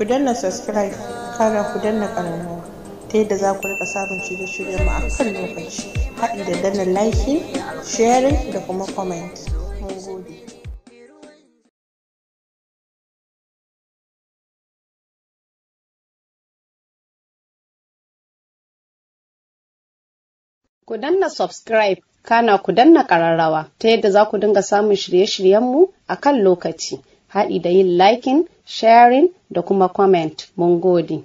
ku danna subscribe kara ku danna ƙararrawa ta yadda za ku rika samun shirye shiryen mu a kan lokaci haɗi da danna like sharing da kuma comment Ku danna subscribe kana ku danna ƙararrawa ta yadda za ku dinga samun shirye-shiryenmu a kan lokaci, haɗi da yin liking sharing da kuma comment. Mun gode.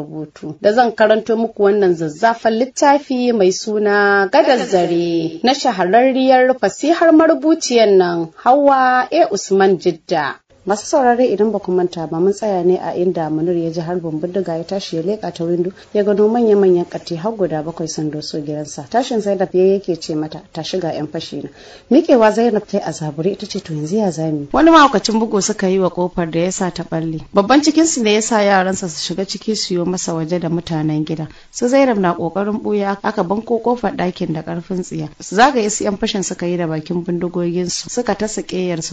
rubutu da zan karanto muku wannan zazzafan littafi mai suna gadar zare na shahararriyar fasihar marubuciyar nan Hauwa A Usman Jidda masu saurare idan ba ku manta ba mun tsaya ne a inda munir ya ji harbin bindiga ya tashi ya leka ta windo ya gano manya-manyan kati har guda bakwai sun doso gidansa tashin zainab ya yake ce mata ta shiga yan fashi na miƙewa zainab ta yi a zaburi ita ce to yanzu ya zami wani mahaukacin bugu suka yi wa kofar da ya sa ta balle babban cikin su ne ya sa yaransa su shiga ciki su yi masa waje da mutanen gida su zainab na kokarin buya aka banko kofar ɗakin da karfin tsiya zagaye su yan fashin suka yi da bakin bindigoginsu suka ta su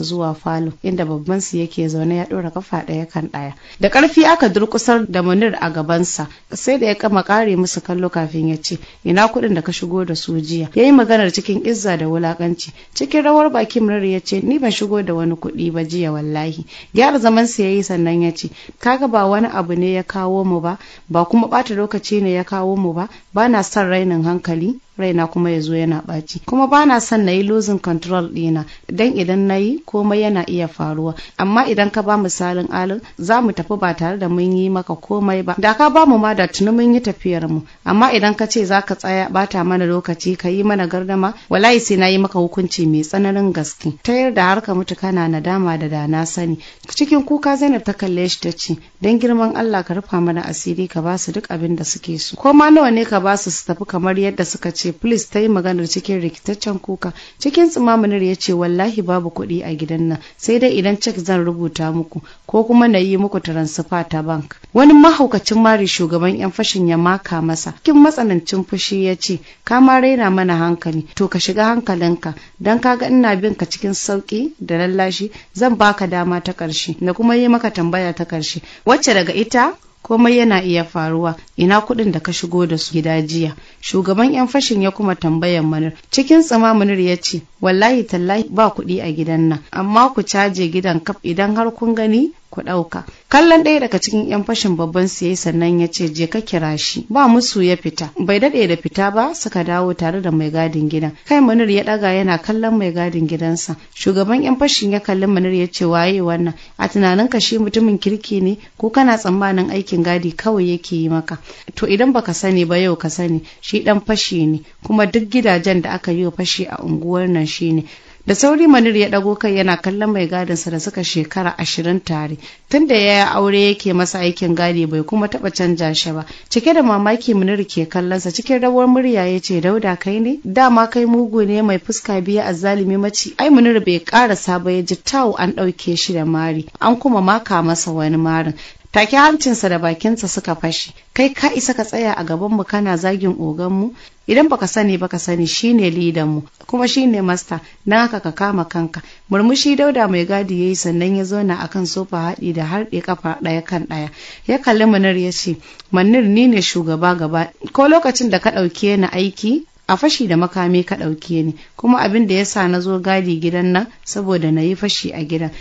zuwa falo inda babban su yake zaune ya ɗora kafa ɗaya kan ɗaya da ƙarfi aka durƙusar da munir a gabansa sai da ya kama ƙare musu kallo kafin ya ce ina kuɗin da ka shigo da su jiya ya yi maganar cikin izza da wulaƙanci cikin rawar baki munir ya ce ni ban shigo da wani kuɗi ba jiya wallahi gyara zaman sa ya yi sannan ya ce kaga ba wani abu ne ya kawo mu ba ba kuma ɓata lokaci ne ya kawo mu ba bana son rainin hankali raina kuma ya zo yana ɓaci kuma ba na son na yi losing control dina, dan idan na yi komai yana iya faruwa amma idan ka ba misalin alin za mu tafi ba tare da mun yi maka komai ba da ka ba mu ma da tuni mun yi tafiyar mu amma idan ka ce za ka tsaya bata mana lokaci ka yi mana gardama wallahi sai na yi maka hukunci mai tsananin gaske ta yarda har ka mutu kana nadama da da na sani cikin kuka Zainab ta kalle shi ta ce dan girman Allah ka rufa mana asiri ka ba su duk abin da suke so ko ma nawa ne ka ba su su tafi kamar yadda suka ce ce please ta yi maganar cikin rikitaccen kuka cikin tsumamanir ya ce wallahi babu kuɗi a gidan nan sai dai idan cek zan rubuta muku ko kuma na yi muku transfer ta bank wani mahaukacin mari shugaban yan fashin ya maka masa kin matsanancin fushi ya ce ka ma raina mana hankali to ka shiga hankalinka dan kaga ina bin ka cikin sauki da lallashi zan baka dama ta karshe na kuma yi maka tambaya ta karshe wacce daga ita komai yana iya faruwa ina kuɗin da ka shigo da su gida jiya shugaban yan fashin ya kuma tambayan manir cikin tsama manir ya ce wallahi tallahi ba kuɗi a gidan nan amma ku caje gidan kaf idan har kun gani ku ɗauka kallon ɗaya daga cikin 'yan fashin babban siyayi sannan ya ce je ka kira shi ba musu ya fita bai daɗe da fita ba suka dawo tare da mai gadin gidan kai manir ya ɗaga yana kallon mai gadin gidansa shugaban 'yan fashin ya kalli manir ya ce waye wannan a tunanin ka shi mutumin kirki ne ko kana tsammanin aikin gadi kawai yake yi maka to idan baka sani ba yau ka sani shi ɗan fashi ne kuma duk gidajen da aka yi wa fashi a unguwar nan shine da sauri manir ya ɗago kai yana kallon mai gadinsa da suka shekara ashirin tare tunda ya aure yake masa aikin gadi bai kuma taɓa canja shi ba cike da mamaki manir ke kallonsa cikin rawar murya ya ce dauda kai ne dama kai mugu ne mai fuska biyu a zalimi maci ai manir bai ƙara ba ya ji tawo an ɗauke shi da mari an kuma maka masa wani marin take hancinsa da bakinsa suka fashe kai ka isa ka tsaya a gaban mu kana zagin oganmu idan baka sani baka sani shine lidan mu kuma shine masta na haka ka kama kanka murmushi dauda mai gadi yayi sannan ya zauna akan sofa haɗi da harɗe kafa ɗaya kan ɗaya ya kalli manar ya ce manir ni ne shugaba gaba ko lokacin da ka ɗauke ni aiki a fashi da makami ka ɗauke ni kuma abin da yasa sa na zo gadi gidan nan saboda na yi fashi a gidan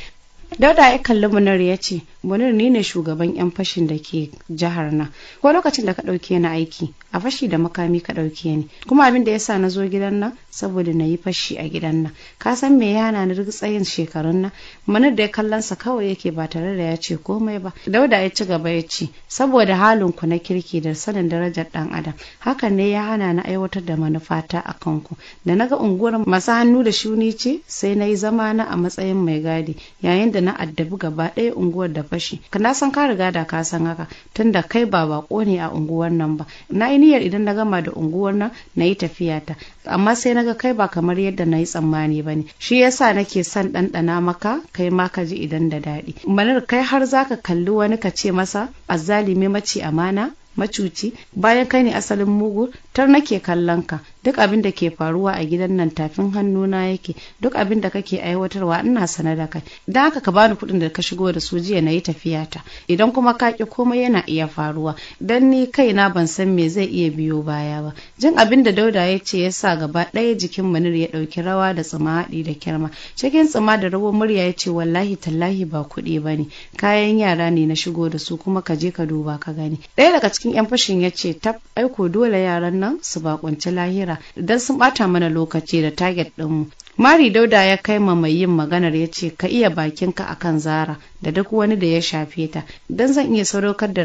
dauda ya kalli munir ya ce munir ni ne shugaban yan fashin da ke jihar na ko lokacin da ka dauke ni aiki a fashi da makami ka dauke ni kuma abin da yasa na zo gidan nan saboda na yi fashi a gidan nan ka san me yana na tsayin shekarun na. manar da ya kallonsa kawai yake ba tare da ya ce komai ba dauda ya ci gaba ya ce saboda halin ku na kirki da sanin darajar dan adam hakan ne ya hana na aiwatar da manufata a kanku da na ga unguwar masu hannu da shuni ce sai na yi zama na a matsayin mai gadi yayin da na addabi gaba ɗaya unguwar da fashi na san ka riga da ka san haka tunda kai ba bako ne a unguwar nan ba na yi niyyar idan na gama da unguwar nan na yi ta, amma sai na ga kai ba kamar yadda na yi tsammani ba ne shi yasa nake son ɗanɗana maka kai ma ka ji idan da daɗi manar kai har za ka kalli wani ka ce masa azzalimi mace amana macuci bayan kai ne asalin mugu tar nake kallon ka duk abin da ke faruwa a gidan nan tafin hannuna yake duk abin da kake aiwatarwa ina sane da kai da haka ka bani kuɗin da ka shigo da su jiya na yi tafiya ta. idan kuma ka ƙi komai yana iya faruwa dan ni kaina ban san me zai iya biyo baya ba jin abin da dauda ya ce ya sa gaba ɗaya jikin manir ya ɗauki rawa da tsimaɗi da kirma cikin tsuma da rawar murya ya ce wallahi tallahi ba kuɗi ba ne kayan yara ne na shigo da su kuma ka je ka duba ka gani ɗaya daga cikin 'yan fashin ya ce tab aiko dole yaran nan nan su bakunci lahira idan sun bata mana lokaci da target mu, mari dauda ya kai ma mai yin maganar ya ce ka iya bakinka akan zara da duk wani da ya shafe ta idan zan iya sadaukar da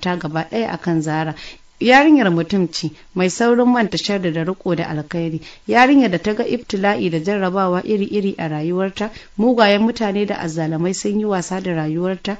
ta gaba ɗaya akan zara yarinyar mutum ce mai saurin manta sharri da riko da alkhairi yarinyar da ta ga ibtila'i da jarrabawa iri-iri a rayuwarta mugayen mutane da azzalumai sun yi wasa da rayuwarta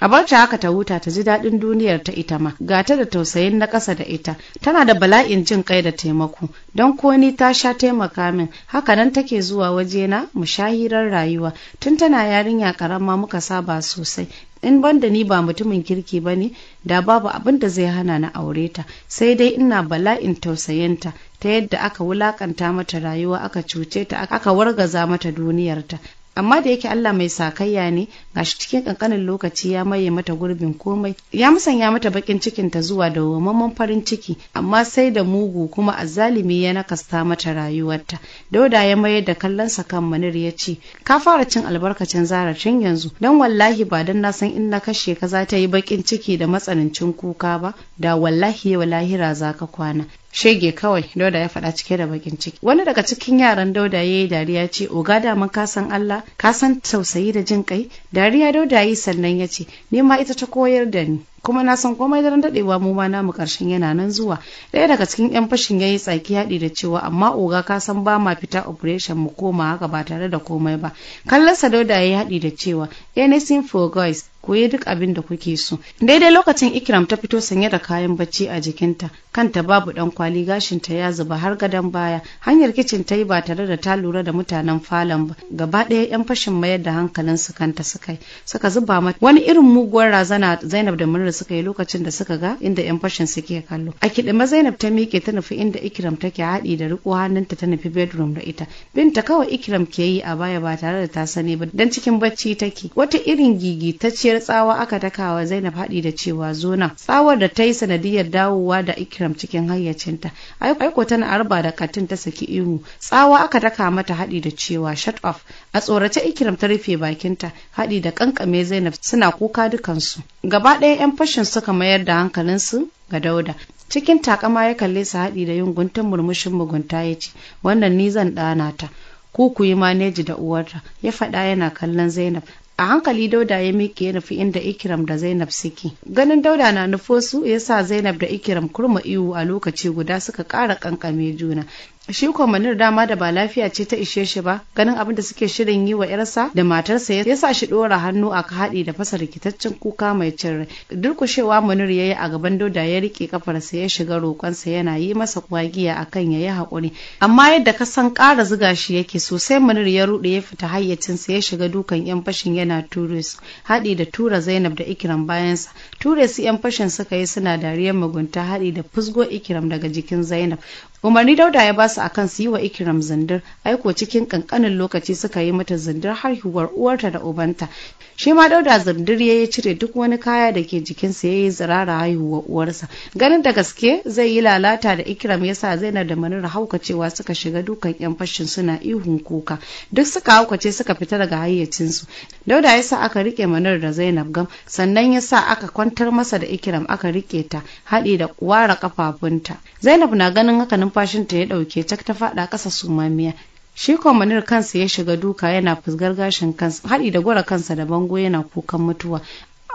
a barci haka ta huta ta ji daɗin duniyar ta ita ma ga ta da tausayin na ƙasa da ita tana da bala'in jin kai da taimako don ko ni ta sha taimaka min haka nan take zuwa wajena mu sha hirar rayuwa tun tana yarinya karama muka saba sosai in banda ni ba mutumin kirki ba ne da babu abin da zai hana na aure ta sai dai ina bala'in tausayinta ta yadda aka wulakanta mata rayuwa aka cuce ta aka wargaza mata duniyarta amma da yake Allah mai sakayya ne gashi cikin kankanin lokaci ya maye mata gurbin komai ya musanya mata bakin cikin ta zuwa da wamman farin ciki amma sai da mugu kuma azzalimi ya nakasta mata rayuwarta dauda ya maye da kallonsa kan manir ya ce ka fara cin albarkacin zara yanzu don wallahi ba dan na san in na kashe ka za ta yi bakin ciki da matsanancin kuka ba da wallahi wallahi lahira za ka kwana shege kawai dauda ya faɗa cike da bakin ciki wani daga cikin yaran dauda ya yi dariya ce oga daman ka san allah ka san tausayi da jin kai dariya dauda yi sannan ya ce ni ma ita ta koyar da ni kuma na san komai daren dadewa mu ma namu karshen yana nan zuwa daya daga cikin yan fashin ya yi tsaki haɗi da cewa amma oga ka san ba ma fita operation mu koma haka ba tare da komai ba kallon sa dauda yi haɗi da cewa anything for guys koyi duk abin da kuke so daidai lokacin ikram ta fito sanye da kayan bacci a jikinta kanta babu dan kwali gashinta ya zuba har gadon baya hanyar kicin ta yi ba tare da ta lura da mutanen falon ba gaba ɗaya yan fashin mayar da hankalin su kanta suka yi suka zuba mata wani irin muguwar razana zainab da murna suka yi lokacin da suka ga inda yan fashin suke kallo a kiɗima zainab ta miƙe ta nufi inda ikram take haɗi da riƙo hannunta ta nufi bedroom da ita binta kawai ikram ke yi a baya ba tare da ta sani ba dan cikin bacci take wata irin gigi ta ciyar mugunyar tsawa aka daka wa Zainab haɗi da cewa zo Tsawar da ta yi sanadiyar dawowa da Ikram cikin hayyacinta. Aiko tana arba da katin ta saki ihu. Tsawa aka daka mata haɗi da cewa shut off. A tsorace Ikram ta rufe bakinta haɗi da kankame Zainab suna kuka dukansu. Gaba ɗaya 'yan fashin suka mayar da hankalinsu ga Dauda. Cikin takama ya kalle su haɗi da yin guntun murmushin mugunta ya ce, wannan ni zan ɗana ta. Ku ku yi maneji da uwarta, ya faɗa yana kallon Zainab. a hankali dauda ya miƙe ya nufi inda ikiram da zainab suke ganin dauda na nufosu ya sa zainab da ikiram kurma ihu a lokaci guda suka ƙara ƙanƙame juna shi kwamanir dama da ba lafiya ce ta ishe shi ba ganin abin da suke shirin yi wa yarsa da matarsa ya sa shi dora hannu a haɗi da fasa rikitaccen kuka mai cin rai durkushewa munir ya yi a gaban doda ya rike kafarsa ya shiga roƙonsa yana yi masa kwagiya kan ya yi haƙuri amma yadda ka san ƙara ziga shi yake sosai munir ya ruɗe ya fita hayyacinsa ya shiga dukan yan fashin yana ture su haɗi da tura zainab da ikiram bayansa ture su yan fashin suka yi suna dariyar mugunta haɗi da fusgo ikiram daga jikin zainab umarni dauda ya basu kan su yi wa ikiram zindir aiko cikin kankanin lokaci suka yi mata zindir har hiwar uwarta da ubanta shi ma dauda zindir ya yi cire duk wani kaya da ke jikinsa ya yi zirara haihuwar uwarsa ganin da gaske zai yi lalata da ikiram ya sa zainab da manira haukacewa suka shiga dukan yan fashin suna ihun kuka duk suka haukace suka fita daga hayyacinsu dauda ya sa aka rike manar da zainab gam sannan ya sa aka kwantar masa da ikiram aka rike ta haɗi da ware kafafunta zainab na ganin haka numfashinta ya ɗauke cak ta faɗa ƙasa sumamiya shi kwamanar kansa ya shiga duka yana fusgar gashin kansa haɗi da gwara kansa da bango yana kukan mutuwa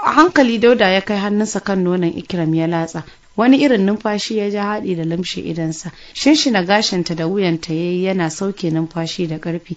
a hankali dauda ya kai hannunsa kan nonon ikiram ya latsa wani irin numfashi ya ja haɗi da lamshe idansa shinshina gashinta da wuyanta ya yana sauke numfashi da ƙarfi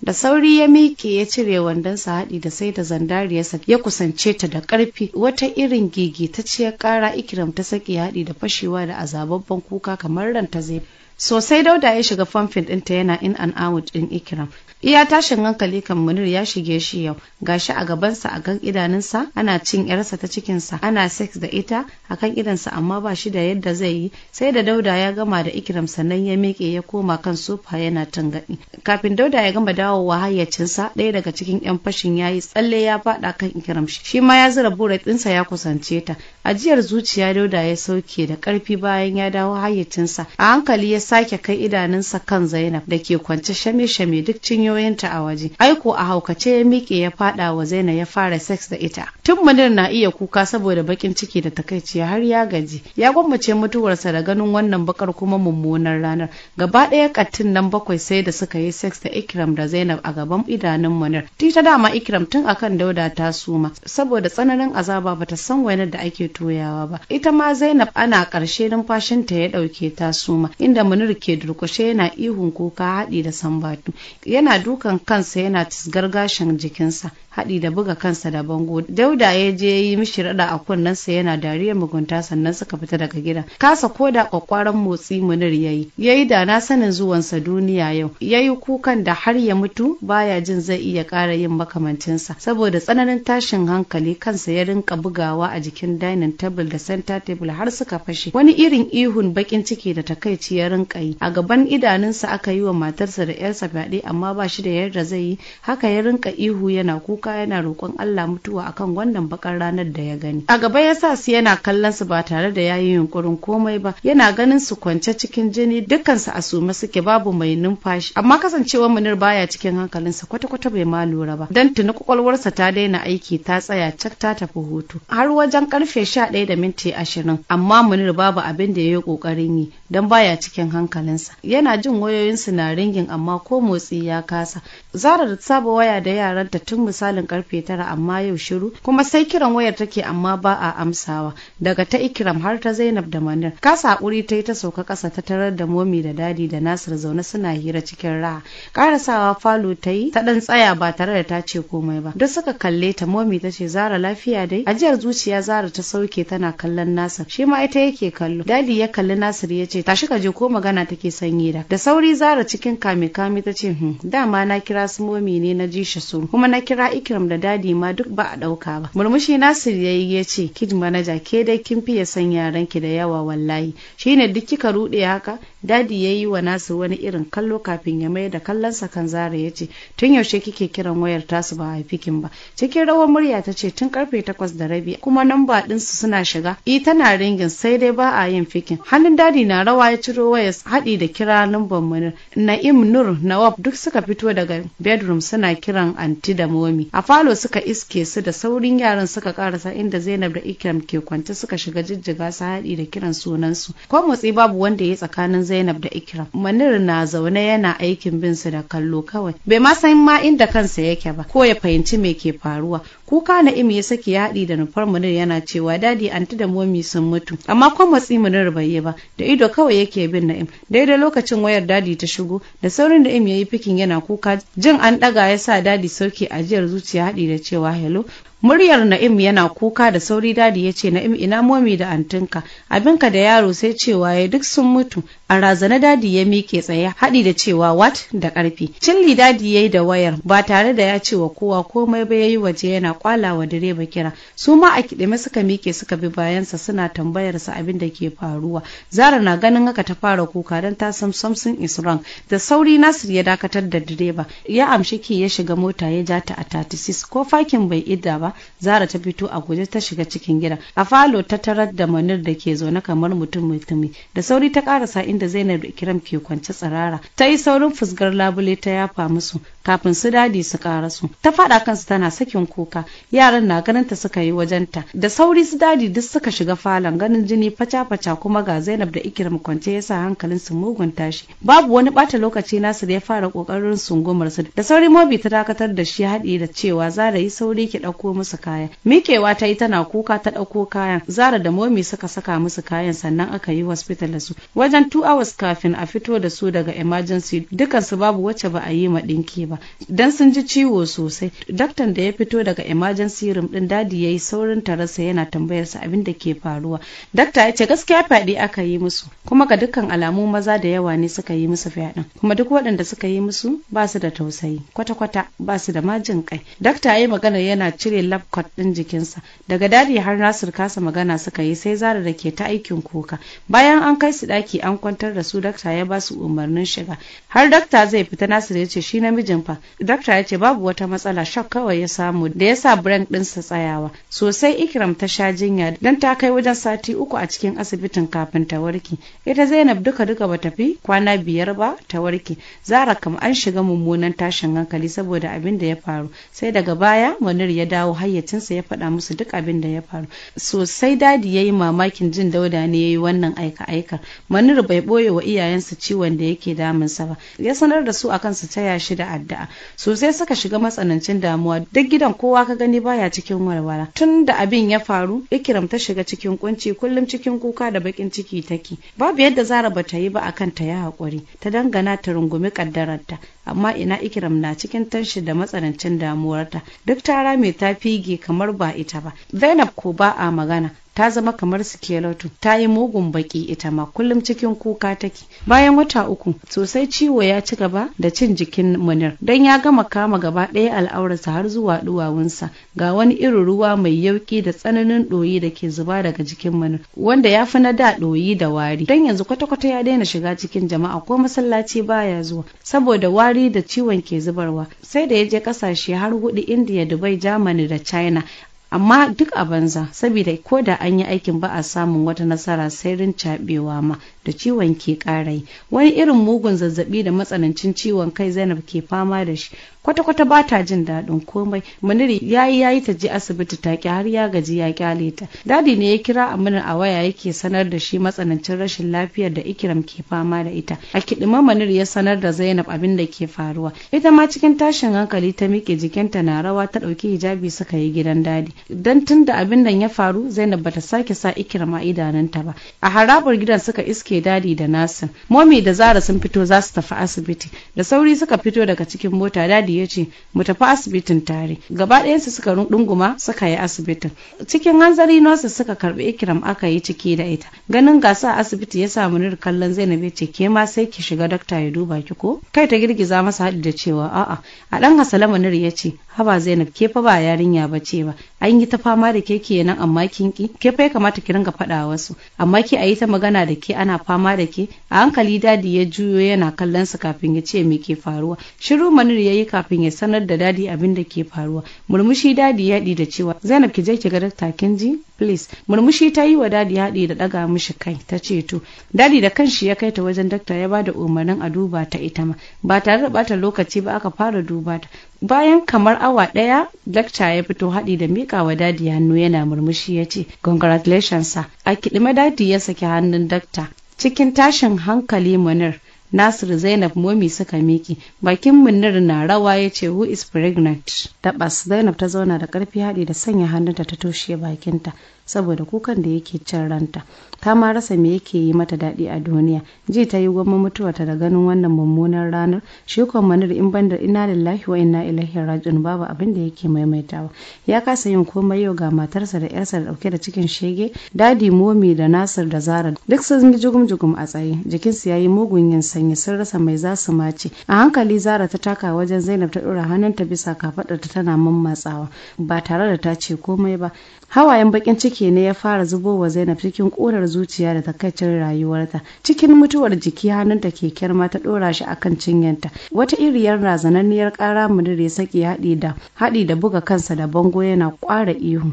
da sauri ya miƙe ya cire wandonsa haɗi da sai da zandariyarsa ya kusance ta da ƙarfi wata irin gigi ta ciyar ƙara ikiram ta saki haɗi da fashewa da azababban kuka kamar ranta zai sosai dauda ya shiga famfin ɗinta yana in an out ɗin ikiram iya tashin hankali kan munir ya shige shi yau gashi a gabansa a kan idanunsa ana cin yarsa ta cikinsa ana sex da ita a kan idansa amma ba shi da yadda zai yi sai da dauda ya gama da ikiram sannan ya miƙe ya koma kan sofa yana tangaɗi kafin dauda ya gama dawowa hayyacinsa ɗaya daga cikin yan fashin ya yi tsalle ya faɗa kan ikiram shi Shi ma ya zura buret ɗinsa ya kusance ta ajiyar zuciya dauda ya sauke da ƙarfi bayan ya dawo hayyacinsa a hankali ya sake kai idanunsa kan Zainab da ke kwance shame-shame duk cinyoyinta a waje. Aiko a haukace ya miƙe ya faɗa wa Zainab ya fara sex da ita. Tun Munir na iya kuka saboda bakin ciki da takaici har ya gaji. Ya gwammace mutuwarsa da ganin wannan bakar kuma mummunar ranar. Gaba ɗaya kattin nan bakwai sai da suka yi sex da Ikram da Zainab a gaban idanun Munir. Tita dama Ikram tun akan Dauda ta suma saboda tsananin azaba bata san wani da ake toyawa ba. Ita ma Zainab ana ƙarshe numfashinta ya ɗauke ta suma inda wani ke durkushe yana ihun kuka haɗi da sambatu yana dukan kansa yana tisgar gashin jikinsa haɗi da buga kansa da bango dauda ya je yi mishi rada a kunnen sa yana dariyar mugunta sannan suka fita daga gida. kasa ko da kwakwaran motsi munir yayi yayi da na sanin zuwansa duniya yau yayi kukan da har ya mutu baya jin zai iya ƙara yin makamancinsa saboda tsananin tashin hankali kansa ya rinka bugawa a jikin dining table da center table har suka fashe wani irin ihun bakin ciki da takaici ya rinka yi a gaban idanunsa aka yi wa matarsa da yarsa fyaɗe amma ba shi da yadda zai yi haka ya rinka ihu yana kuka kuka yana roƙon Allah mutuwa akan wannan bakar ranar da ya gani a gaba ya sa su yana kallon su ba tare da yayi yunkurin komai ba yana ganin su kwance cikin jini dukkansu a sume suke babu mai numfashi amma kasancewar munir baya cikin hankalinsa kwata-kwata bai ma lura ba dan tuni kwakwalwarsa ta daina aiki ta tsaya cak ta tafi hutu har wajen karfe sha ɗaya da minti ashirin amma munir babu abin da ya yi ƙoƙarin yi don baya cikin hankalinsa yana jin wayoyin su na ringin amma ko motsi ya kasa zarar ta saba waya da yaranta tun misali misalin karfe tara amma yau shiru kuma sai kiran wayar take amma ba a amsawa daga ta ikiram har ta zainab da manir kasa hakuri ta yi ta sauka kasa ta tarar da momi da dadi da nasir zaune suna hira cikin raha karasawa falo ta yi ta ɗan tsaya ba tare da ta ce komai ba duk suka kalle ta momi ta ce zara lafiya dai ajiyar zuciya zara ta sauke tana kallon nasir shi ma ita yake kallo dadi ya kalli nasir ya ce tashi ka je ko magana take sanyi da da sauri zara cikin kame kame ta ce hmm, dama na kira su momi ne na ji shi su kuma na kira ikram da dadi ma duk ba a ɗauka ba murmushi nasir ya yi ya ce kid manaja ke dai kin fiye san yaran ki da yawa wallahi shine duk kika rude haka dadi ya yi wa nasir wani irin kallo kafin ya mai da kallonsa kan zara ya ce tun yaushe kike kiran wayar tasu ba a haifikin ba cikin rawar murya ta ce tun karfe takwas da rabi kuma namba ɗinsu suna shiga i e, tana ringin sai dai ba a yin fikin hannun dadi na rawa ya ciro wayar haɗi da kira numban munir na'im nur nawab duk suka fito daga bedroom suna kiran anti da momi a falo suka iske su da saurin yaran suka karasa inda zainab da ikram ke kwance suka shiga jijjiga su haɗi da kiran sunansu ko motsi babu wanda ya tsakanin zainab da ikram manir na zaune yana aikin bin su da kallo kawai bai ma san ma inda kansa yake ba ko ya fahimci me ke faruwa kuka na imi ya saki yaɗi da nufar munir yana cewa dadi anti da momi sun mutu amma ko motsi munir bai yi ba da ido kawai yake bin na'im daidai lokacin wayar dadi ta shigo da saurin da im yayi fikin yana kuka jin an ɗaga ya sa dadi sauke ajiyar zuciya zuciya haɗi da cewa hello muryar na'im yana kuka da sauri dadi ya ce na'im ina momi da antinka abinka da yaro sai cewa ya duk sun mutu a razana dadi ya mike tsaye haɗi da cewa wat da ƙarfi cilli dadi ya da wayar ba tare da ya ce wa kowa komai ba ya yi waje yana kwala wa direba kira su ma a kiɗime suka mike suka bi bayansa suna tambayar tambayarsa abin da ke faruwa zara na ganin haka ta fara kuka don ta san Samson is wrong da sauri nasir ya dakatar da direba ya amshi ki ya shiga mota ya ja ta a 36 ko fakin bai idda ba zara ta fito a guje ta shiga cikin gida a falo ta tarar da manir da ke zaune kamar mutum mutumi da sauri ta ƙarasa inda Zainab da Ikram ke kwance tsirara ta yi saurin fusgar labule ta yafa musu kafin su dadi su karasu ta faɗa kansu tana sakin kuka yaran na ganin ta suka yi wajenta da sauri su dadi duk suka shiga falon ganin jini faca-faca kuma ga Zainab da Ikiram kwance ya sa hankalin su mugun tashi babu wani bata lokaci nasu da ya fara kokarin sungumar su da sauri Mobi ta dakatar da shi haɗi da cewa Zara yi sauri ki ɗauko musu kaya mikewa ta yi tana kuka ta ɗauko kayan Zara da Momi suka saka musu kayan sannan aka yi hospital da su wajen tu'a. hours kafin a fito da su daga emergency dukansu babu wacce ba a yi ma ɗinki ba dan sun ji ciwo sosai daktan da ya fito daga emergency room din dadi yayi saurin tarasa yana tambayar sa abin da ke faruwa dakta ya ce gaskiya fyaɗe aka yi musu kuma ga dukkan alamu maza da yawa ne suka yi musu fyaɗen kuma duk waɗanda suka yi musu ba su da tausayi kwata-kwata ba su da majin kai dakta ya yi magana yana cire lab coat din jikinsa daga dadi har nasir kasa magana suka yi sai zara da ke ta aikin kuka bayan an kai su daki an kwanta makarantar da su dakta ya ba su umarnin shiga har dakta zai fita nasir ya ce shi namijin fa dakta ya ce babu wata matsala shak kawai ya samu da ya sa brand sa tsayawa sosai ikram ta sha jinya dan ta kai wajen sati uku a cikin asibitin kafin ta warke ita zainab duka duka ba tafi kwana biyar ba ta warke zara kam an shiga mummunan tashin hankali saboda abin da ya faru sai daga baya manir ya dawo hayyacinsa ya faɗa musu duk abin da ya faru sosai dadi ya yi mamakin jin dauda ne ya yi wannan aika aika manir bai boye wa iyayensa ciwon da yake damun sa ba ya sanar da su akan su taya shi da addu'a sosai suka shiga matsanancin damuwa duk gidan kowa ka gani baya cikin walwala tun da abin ya faru ikiram ta shiga cikin kunci kullum cikin kuka da bakin ciki take babu yadda zara ta yi ba akan ta ya hakuri ta dangana ta rungumi kaddararta amma ina ikiram na cikin tanshi da matsanancin damuwarta duk tara mai ta fige kamar ba ita ba zainab ko ba a magana ta zama kamar skeleton ta yi mugun baki ita ma kullum cikin kuka take bayan wata uku sosai ciwo ya ci gaba da cin jikin munir don ya gama kama gaba ɗaya al'aurarsa har zuwa duwawunsa ga wani irin ruwa mai yauki da tsananin ɗoyi da ke zuba daga jikin munir wanda ya fi na da ɗoyi da wari don yanzu kwata-kwata ya daina shiga cikin jama'a ko masallaci baya zuwa saboda wari da ciwon ke zubarwa sai da ya je kasashe har hudu india dubai jamani da china amma duk a banza saboda ko da an yi aikin ba a samun wata nasara sai rin caɓewa ma da ciwon ke karai wani irin mugun zazzabi da matsanancin ciwon kai zainab ke fama da shi kwata-kwata ba ta jin daɗin komai maniri ya yi ya yi ta je asibiti ta ki har ya gaji ya kyale ta dadi ne ya kira aminu a waya yake sanar da shi matsanancin rashin lafiyar da ikiram ke fama da ita a kiɗima muniri ya sanar da zainab abin da ke faruwa ita ma cikin tashin hankali ta miƙe jikinta na rawa ta ɗauki hijabi suka yi gidan dadi don tun da abin nan ya faru zainab bata sake sa ikiram a idanunta ba a harabar gidan suka iske dadi da nasin momi da zara sun fito za su tafi asibiti da sauri suka fito daga cikin mota dadi ya ce mu tafi asibitin tare gaba ɗayansu suka runɗunguma suka yi asibitin cikin hanzari nurses suka karɓi ikiram aka yi ciki da ita ganin gasa asibiti ya sa nir kallon zainab ya ce ke ma sai ki shiga dakta ya duba ki ko kai ta girgiza masa haɗi da cewa a'a a ɗan hasala munir ya ce haba zainab ke fa ba yarinya ba ce ba an yi ta fama da ke kenan amma kin ki ke fa ya kamata ki ringa faɗa wasu amma ki yi ta magana da ke ana fama da ke a hankali dadi ya juyo yana kallon su kafin ya ce me ke faruwa shiru manir yi kafin ya sanar da dadi abin da ke faruwa murmushi dadi ya da cewa Zainab ki je ki ga dakta kin ji please murmushi ta yi wa dadi haɗi da ɗaga mishi kai ta ce to dadi da kanshi ya kai ta wajen dakta ya bada umarnin a duba ta ita ma ba tare da bata lokaci ba aka fara duba ta bayan kamar awa ɗaya dakta ya fito haɗi da mika wa dadi hannu yana murmushi ya ce congratulations sa a kiɗima dadi ya saki hannun dakta cikin tashin hankali munir Nasiru Zainab Momi suka miki bakin Munir na rawa ya ce who is pregnant. bas Zainab ta zauna da karfi haɗi da sanya hannunta ta toshe bakinta saboda kukan da yake can ranta ta ma rasa me yake yi mata daɗi a duniya ji ta yi gwamma mutuwa ta da ganin wannan mummunar ranar shi kuwa manir in banda ina lillahi wa inna ilaihi raji'un babu abin da yake maimaitawa ya kasa yin komai yau ga matarsa da yarsa da dauke da cikin shege dadi momi da nasir da zara duk sun yi jugum jugum a tsaye jikinsu ya yi mugun yin sanyi sun rasa mai za su mace a hankali zara ta taka wajen zainab ta ɗora hannunta bisa kafaɗarta tana mammatsawa ba tare da ta ce komai ba hawayen bakin ciki hawaye ne ya fara zubo wa zainab cikin ƙorar zuciya da takaicin rayuwarta cikin mutuwar jiki hannunta ke kyarma ta ɗora shi akan cinyanta wata iriyar razananniyar ƙara mudir ya saki haɗi da haɗi da buga kansa da bango yana ƙwara ihu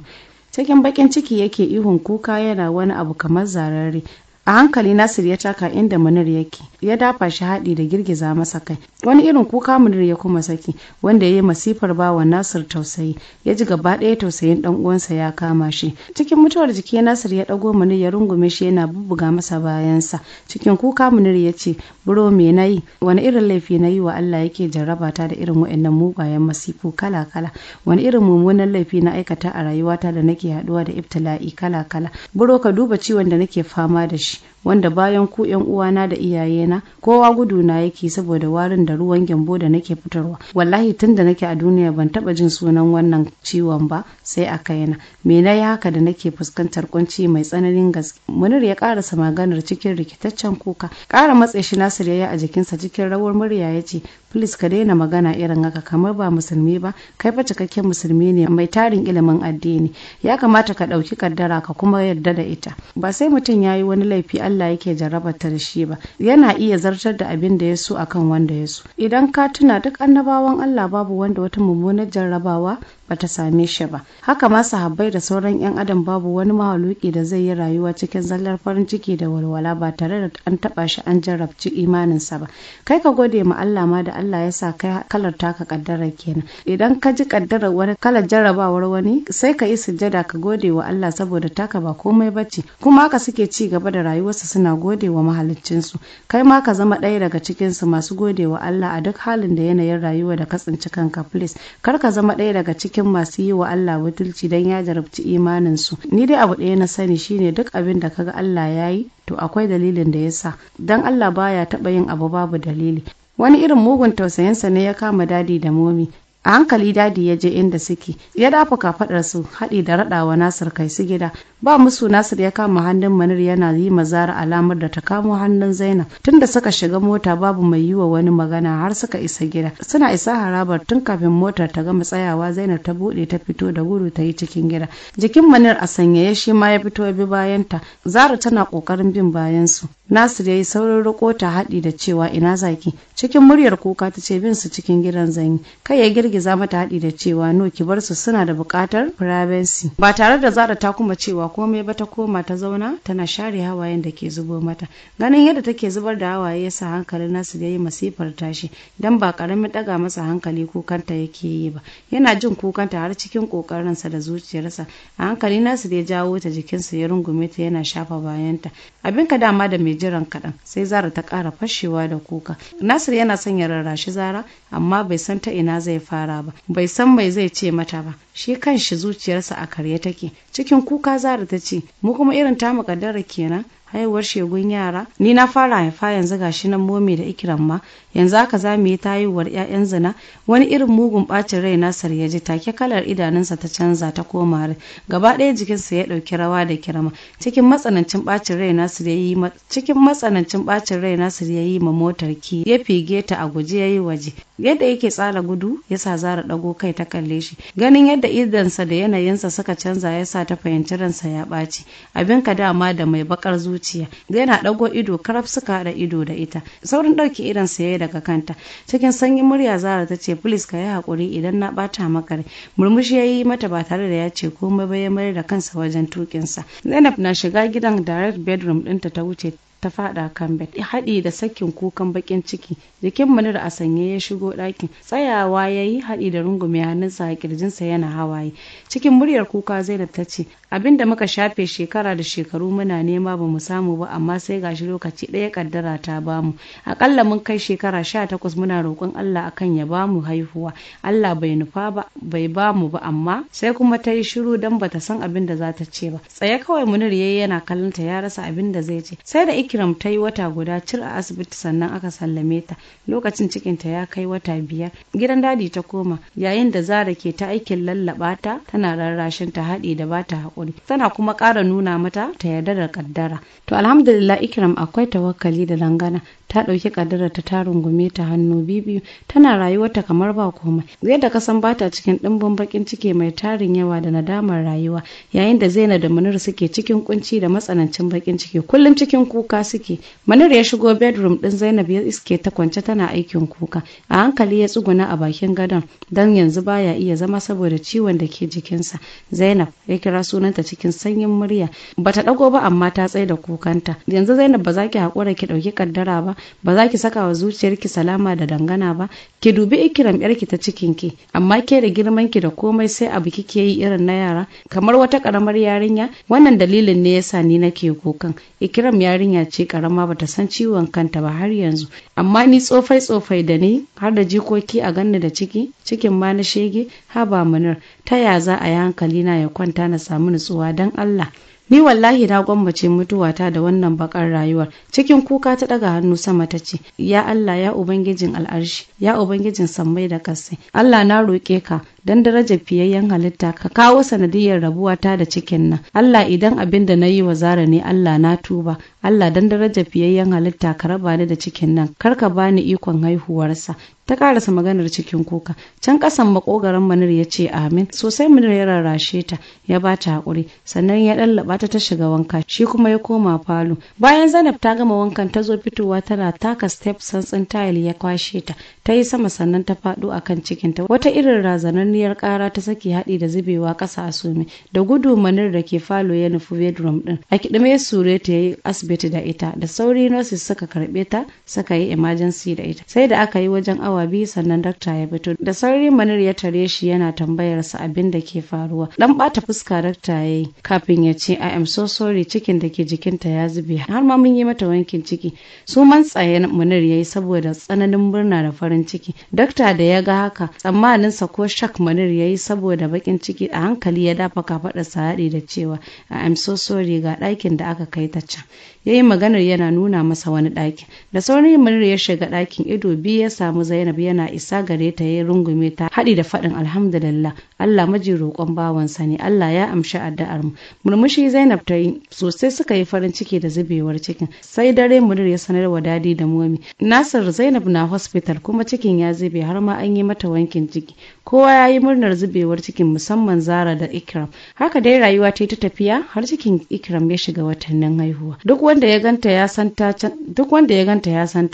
cikin bakin ciki yake ihun kuka yana wani abu kamar zarare a hankali nasir ya taka inda munir yake ya dafa shi haɗi da girgiza masa kai wani irin kuka munir ya kuma saki wanda ya yi masifar bawa nasir tausayi ya ji gaba ɗaya tausayin ɗan uwansa ya kama shi cikin mutuwar jiki nasir ya ɗago munir ya rungume shi yana bubbuga masa bayansa cikin kuka munir ya ce buro me na yi wani irin laifi na yi wa allah yake jarraba ta da irin wa'annan mugayen masifu kala kala wani irin mummunan laifi na aikata a rayuwata da nake haɗuwa da ibtila'i kala kala buro ka duba ciwon da nake fama da shi much wanda bayan ku yan uwana da iyayena kowa gudu na yake saboda warin da ruwan gyambo da nake fitarwa wallahi tun da nake a duniya ban taba jin sunan wannan ciwon ba sai a kaina me na yi haka da nake fuskantar kunci mai tsananin gaske munir ya karasa maganar cikin rikitaccen kuka kara matse shi nasir ya yi a jikinsa cikin rawar murya ya ce please ka daina magana irin haka kamar ba musulmi ba kai fa cikakken musulmi ne mai tarin ilimin addini ya kamata ka ɗauki kaddara ka kuma yarda da ita ba sai mutum ya yi wani laifi Allah Allah yake shi ba yana iya zartar da abin da ya so akan wanda ya so idan ka tuna duk annabawan Allah babu wanda wata mummunar jarrabawa bata same shi ba haka ma sahabbai da sauran yan adam babu wani mahaluki da zai yi rayuwa cikin zallar farin ciki da walwala ba tare da an taba shi an jarrabci imaninsa ba kai ka gode ma Allah ma da Allah ya sa kai kalar taka kaddara kenan idan ka ji kaddarar wani kalar jarrabawar wani sai ka yi sujjada ka gode wa Allah saboda taka ba komai bace kuma haka suke ci gaba da rayuwarsa su suna gode wa mahaliccinsu kai ma ka zama ɗaya daga cikinsu masu gode wa Allah a duk halin da yanayin rayuwa da ka tsinci kanka please kar ka zama ɗaya daga cikin masu yi wa Allah butulci don ya jarabci imaninsu ni dai abu ɗaya na sani shine duk abin da kaga Allah ya yi to akwai dalilin da yasa dan Allah baya taɓa yin abu babu dalili wani irin mugun tausayinsa ne ya kama dadi da momi a hankali dadi ya je inda suke ya dafa kafadar su haɗi da raɗawa nasir kai su gida ba musu nasir ya kama hannun manir yana yi mazara alamar da ta kamo hannun zainab tunda suka shiga mota babu mai yi wa wani magana har suka isa gida suna isa harabar tun kafin motar ta gama tsayawa zainab ta buɗe ta fito da gudu ta yi cikin gida jikin manir a sanyaye shi ma ya fito ya bi bayanta zara tana ƙoƙarin bin bayansu. Nasir ya yi saurin riko ta haɗi da cewa ina zaki cikin muryar kuka ta ce bin su cikin gidan zanyi kai ya girgiza mata haɗi da cewa no ki bar su suna da buƙatar privacy ba tare da zara ta kuma cewa komai ba ta koma ta zauna tana share hawayen da ke zubo mata ganin yadda take zubar da hawaye ya sa hankalin Nasir ya yi masifar tashi dan ba karamin ɗaga masa hankali kukanta yake yi ba yana jin kukanta har cikin ƙoƙarinsa da zuciyarsa a hankali Nasir ya jawo ta jikinsa ya rungume ta yana shafa bayanta abin ka dama da mai jiran kaɗan sai zara ta ƙara fashewa da kuka nasir yana son ya rarrashi zara amma bai san ta ina zai fara ba bai san mai zai ce mata ba shi kan shi zuciyarsa a karye take cikin kuka zara ta ce mu kuma irin tamu kaddara kenan haihuwar shegun yara ni na fara haifa yanzu ga shi nan momi da ikiran ma yanzu haka za mu yi haihuwar 'ya'yan zina wani irin mugun bacin rai nasar ya ji take kalar idanunsa ta canza ta koma rai gaba ɗaya jikinsa ya ɗauki rawa da kirama cikin matsanancin bacin rai na ya yi cikin matsanancin bacin rai ya yi ma motar ki ya fige ta a guje ya yi waje yadda yake tsara gudu ya sa zara ɗago kai ta kalle shi ganin yadda idansa da yanayinsa suka canza ya sa ta fahimci ransa ya ɓaci abin ka dama da mai bakar zuciya zuciya da yana ɗago ido karaf suka haɗa ido da ita saurin ɗauke idan saye daga kanta cikin sanyin murya zara ta ce please ka yi haƙuri idan na ɓata maka rai murmushi ya yi mata ba tare da ya ce komai ba ya mayar da kansa wajen tukinsa zainab na shiga gidan direct bedroom ɗinta ta wuce ta fada kan bed haɗi da sakin kukan bakin ciki jikin munir a sanye ya shigo ɗakin tsayawa ya yi haɗi da rungume hannunsa a kirjinsa yana hawaye cikin muryar kuka zainab ta ce abinda muka shafe shekara da shekaru muna nema ba mu samu ba amma sai gashi lokaci ɗaya kaddara ta bamu akalla mun kai shekara sha takwas muna roƙon Allah akan ya bamu haihuwa Allah bai nufa ba bai bamu ba amma sai kuma ta yi shiru don bata san abin da za ta ce ba tsaye kawai munir yayi yana kallon ta ya rasa abin da zai ce sai da ike kiram ta yi wata guda cir a asibiti sannan aka sallame ta lokacin cikinta ya kai wata biyar. Gidan dadi ta koma yayin da Zara ke ta aikin lallaba ta tana rarrashin ta haɗi da bata haƙuri. Tana kuma ƙara nuna mata ta yarda da kaddara. To alhamdulillah ikiram akwai tawakkali da dangana ta ɗauki kadara ta ta rungume ta hannu bibiyu tana rayuwarta kamar ba komai yadda ka san bata cikin ɗimbin bakin ciki mai tarin yawa da nadamar rayuwa yayin da Zainab da Munir suke cikin kunci da matsanancin bakin ciki kullum cikin kuka suke Munir ya shigo bedroom ɗin Zainab ya iske ta kwance tana aikin kuka a hankali ya tsuguna a bakin gadon don yanzu baya iya zama saboda ciwon da ke jikinsa Zainab ya kira sunanta cikin sanyin murya bata ɗago ba amma ta tsaye da kukanta yanzu Zainab ba za ki haƙura ki ɗauki ƙaddara ba ba za ki saka wa zuciyarki salama da dangana ba ki dubi ikiram yarki ta cikinki amma ke da girman ki da komai sai abu kike yi irin na yara kamar wata karamar yarinya wannan dalilin ne yasa ni nake kukan ikiram yarinya ce karama bata san ciwon kanta ba har yanzu amma ni tsofai tsofai da ni har da jikoki a ganni da ciki cikin ma na shege haba munir ta ya za a yi hankali na ya kwanta na samu nutsuwa dan Allah ni wallahi na gwammace mutuwata da wannan bakar rayuwar cikin kuka ta daga hannu sama ta ce ya Allah ya ubangijin al'arshi ya ubangijin sammai da kasai Allah na roƙe ka don darajar fiyayyen halitta ka kawo sanadiyar rabuwa ta da cikin nan Allah idan abin da na yi wa zara ne Allah na tuba Allah don darajar fiyayyen halitta ka raba ni da cikin nan kar ka bani ikon haihuwarsa ta karasa maganar cikin kuka can kasan makogaran manir ya ce amin sosai manir ya rarrashe ta ya ba ta hakuri sannan ya lallaba ta ta shiga wanka shi kuma ya koma falo bayan zainab ta gama wankan ta zo fitowa tana taka step santsin tayil ya kwashe ta ta yi sama sannan ta faɗo akan cikinta wata irin razanar matsanniyar kara ta saki haɗi da zubewa ƙasa a sume da gudu manar da ke falo ya nufi bedroom ɗin a kiɗime sure ta yi asibiti da ita da sauri nurses suka karɓe ta suka yi emergency da ita sai da aka yi wajen awa biyu sannan dakta ya fito da sauri manar ya tare shi yana tambayar sa abin da ke faruwa dan bata fuska dakta ya yi kafin ya ce i am so sorry cikin da ke jikinta ya zube har ma mun yi mata wankin ciki su man tsaye manar ya yi saboda tsananin murna da farin ciki dakta da ya ga haka tsammaninsa ko shak Manir ya yi saboda bakin ciki a hankali ya dafa kafaɗarsa haɗi da cewa a am so sorry ga ɗakin da aka kai ta can. Ya yi maganar yana nuna masa wani ɗakin. Da sauran Manir ya shiga ɗakin ido biyu ya samu Zainab yana isa gare ta ya rungume ta haɗi da faɗin alhamdulillah Allah maji roƙon bawansa ne Allah ya amshi addu'ar mu. Murmushi Zainab ta yi sosai suka yi farin ciki da zubewar cikin sai dare Manir ya sanar wa dadi da momi. Nasir Zainab na hospital kuma cikin ya zube har ma an yi mata wankin ciki. kowa ya yi murnar zubewar cikin musamman zara da ikram haka dai rayuwa ta ta tafiya har cikin ikram ya shiga watannin haihuwa duk wanda ya ganta ya san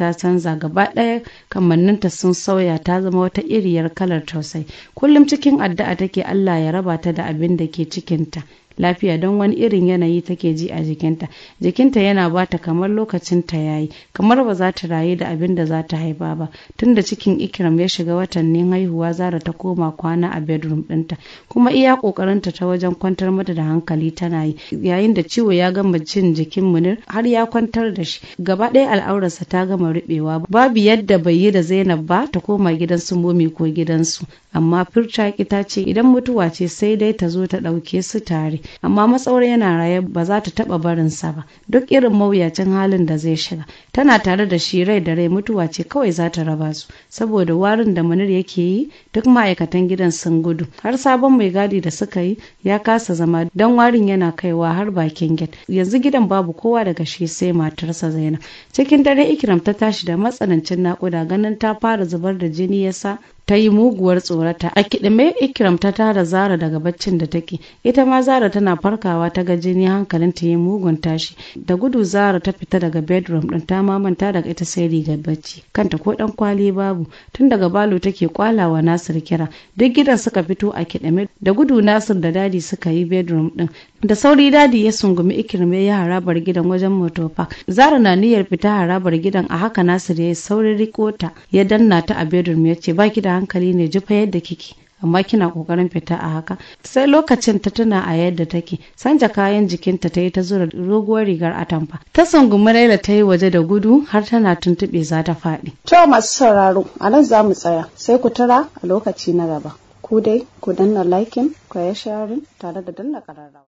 ta canza gaba ɗaya kamanninta sun sauya ta zama wata iriyar kalar tausai kullum cikin addu'a take Allah ya raba ta da abin da ke cikinta lafiya don wani irin yanayi take ji a jikinta jikinta yana bata kamar lokacin ta yayi kamar ba za ta rayu da abin da za ta haifa ba tunda cikin ikram ya shiga watannin haihuwa zara ta koma kwana a bedroom ɗinta kuma iya ƙoƙarinta ta wajen kwantar mata da hankali tana yi yayin da ciwo ya gama cin jikin munir har ya kwantar da shi gaba ɗaya al'aurarsa ta gama ruɓewa babu yadda bai yi da zainab ba ta koma gidan su momi ko gidan su. amma firta ta ce idan mutuwa ce sai dai ta zo ta ɗauke su tare amma matsawar yana raye ba za ta taba barinsa ba duk irin mawuyacin halin da zai shiga tana tare da shi rai da rai mutuwa ce kawai za ta raba su saboda warin da munir yake yi duk ma'aikatan gidan sun gudu har sabon mai gadi da suka yi ya kasa zama don warin yana kaiwa har bakin gid yanzu gidan babu kowa daga shi sai matarsa zainab cikin dare ikiram ta tashi da matsanancin nakuda ganin ta fara zubar da jini yasa ta yi muguwar tsorata a mai ikiram ta tara zara daga baccin da take ita ma zara tana farkawa ta ga jini hankalin ta yi mugun tashi da gudu zara ta fita daga bedroom ɗin, ta mamanta daga ita sai rigar bacci kanta ko ɗan kwali babu tun daga balo take kwalawa nasir kira duk gidan suka fito a kiɗime da gudu nasir da dadi suka yi bedroom ɗin. da sauri dadi ya sungumi ikirme ya harabar gidan wajen park zara na niyyar fita harabar gidan a haka nasir ya saurin rikota ya danna ta a bedroom ya ce baki da hankali ne jifa yadda kike amma kina kokarin fita a haka sai lokacin ta tuna a yadda take sanja kayan jikinta ta yi ta zura doguwar rigar atamfa ta sungumi laila ta yi waje da gudu har tana tuntuɓe za ta faɗi to masu sauraro a nan za mu tsaya sai ku tara a lokaci na gaba ku dai ku danna liking ku ya sharing tare da danna ƙararrawa